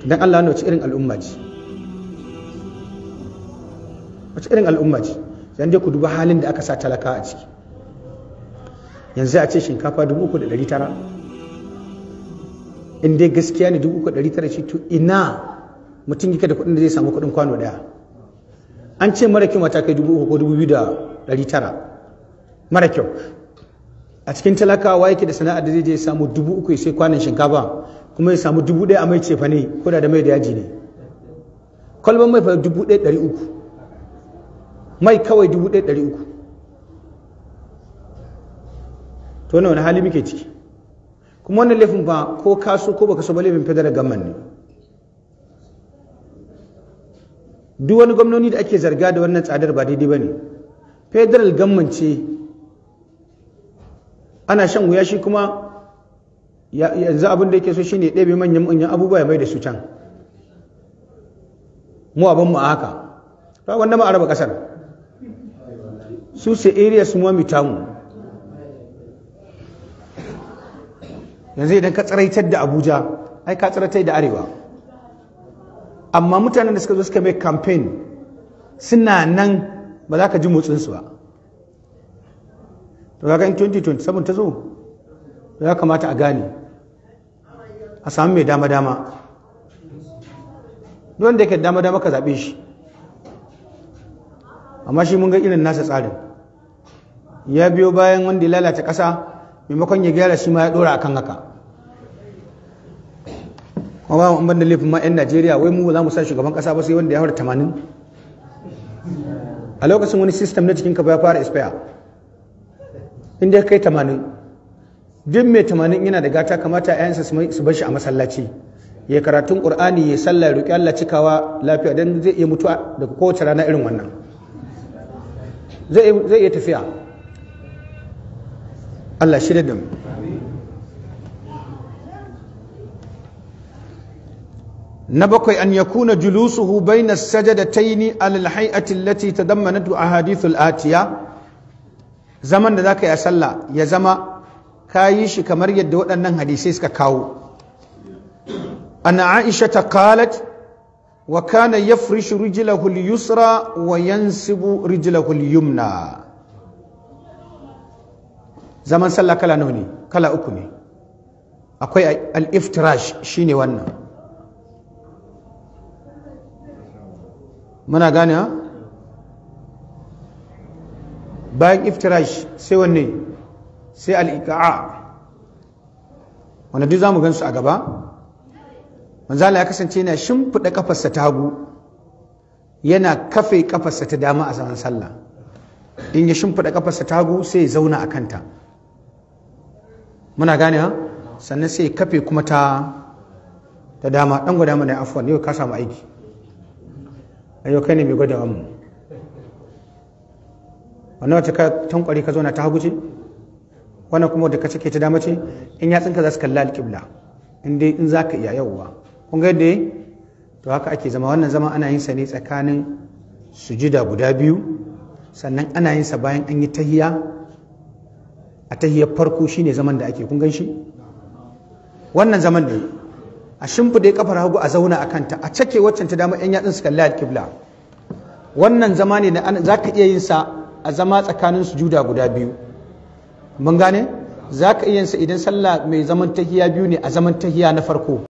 dan Allah wace irin al'umma ce wace irin al'umma ce yan je ku duba halin da aka sa talaka a ciki yanzu a ce shinkafa dubu uku da ɗari tara in dai gaskiya ne dubu uku da ɗari tara ce, to ina mutum yake da kuɗin da zai samu kuɗin kwano ɗaya an ce mara kyau mata kai dubu uku ko dubu biyu da ɗari tara mara kyau a cikin talakawa yake da sana'ar da zai je samu dubu uku ya sai kwanan shinkafa kuma ya samu dubu ɗaya a mai cefa ne ko da mai da yaji ne kwalban mai fa dubu ɗaya ɗari uku mai kawai dubu ɗaya ɗari uku to wani hali muke ciki kuma wannan laifin ba ko kaso ko baka so ba laifin federal government ne duk wani gwamnoni da ake zarga da wannan tsadar ba daidai ba ne federal government ce ana shan wuya shi kuma yanzu abin da yake so shine ɗebe manyan manyan abubuwa ya mai da su can mu abin mu a haka ba wanda ma araba kasar su sai area su mu yanzu idan ka tsaraitar da abuja ai ka tsaraitar da arewa amma mutanen da suka zo suka mai campaign suna nan ba za ka ji motsinsu ba to ga 2027 ta zo ya kamata a gane a sami mai dama-dama don da yake dama-dama ka zaɓe shi amma shi mun ga irin nasa tsarin ya biyo bayan wanda ya lalata ƙasa maimakon ya gyara shi ma ya ɗora a kan haka ba mu ban da laifin ma 'yan najeriya wai mu za mu sa shugaban ƙasa ba sai wanda ya da tamanin a lokacin wani sistem na cikin ka ya fara expire inda ya kai tamanin duk mai tamanin yana da gata kamata ayansa su bar shi a masallaci ya karatun qur'ani ya sallah ya roki Allah cikawa lafiya dan zai iya mutuwa daga kowace rana irin wannan zai zai iya tafiya Allah shirya da na bakwai an yakuna julusuhu baina sajadataini alal hay'ati allati tadammanatu ahadithul atiya zaman da zaka ya a sallah ya zama ka yi shi kamar yadda waɗannan hadisai suka kawo ana aisha ta kalat wa kana yafrishu rijlahu yusra wa 'yan yansibu rijlahu yumna zaman sallah kala nawa ne kala uku ne akwai al-iftirash ne wannan muna gane bayan iftirash sai wanne sai al'iƙa'a wanda duk za mu gansu a gaba manzala ya kasance yana shimfiɗa ƙafarsa ta hagu yana kafe ƙafarsa ta dama a zaman sallah in ya shimfiɗa ƙafarsa ta hagu sai ya zauna a kanta muna gane ha sannan sai ya kafe kuma ta ta dama ɗan gwada mana afuwan yau ka samu aiki yau kai ne mai gwada wannan wata ka tankwari ka zauna ta hagu ce wannan kuma da kace ke ta dama ce in yatsunka za su kalla alƙibla in dai in za ka iya yawwa kun ga yadda to haka ake zama wannan zama ana yin sa ne tsakanin sujida guda biyu sannan ana yin sa bayan an yi tahiya a tahiyar farko shine zaman da ake kun gan shi wannan zaman ne a shimfiɗe kafar hagu a zauna a kanta a cake waccan ta dama 'yan yatsun su kalli alƙibla wannan zama ne da za ka iya yin sa a zama tsakanin sujuda guda biyu mun gane za ka iya idan sallah mai zaman tahiya biyu ne a zaman tahiya na farko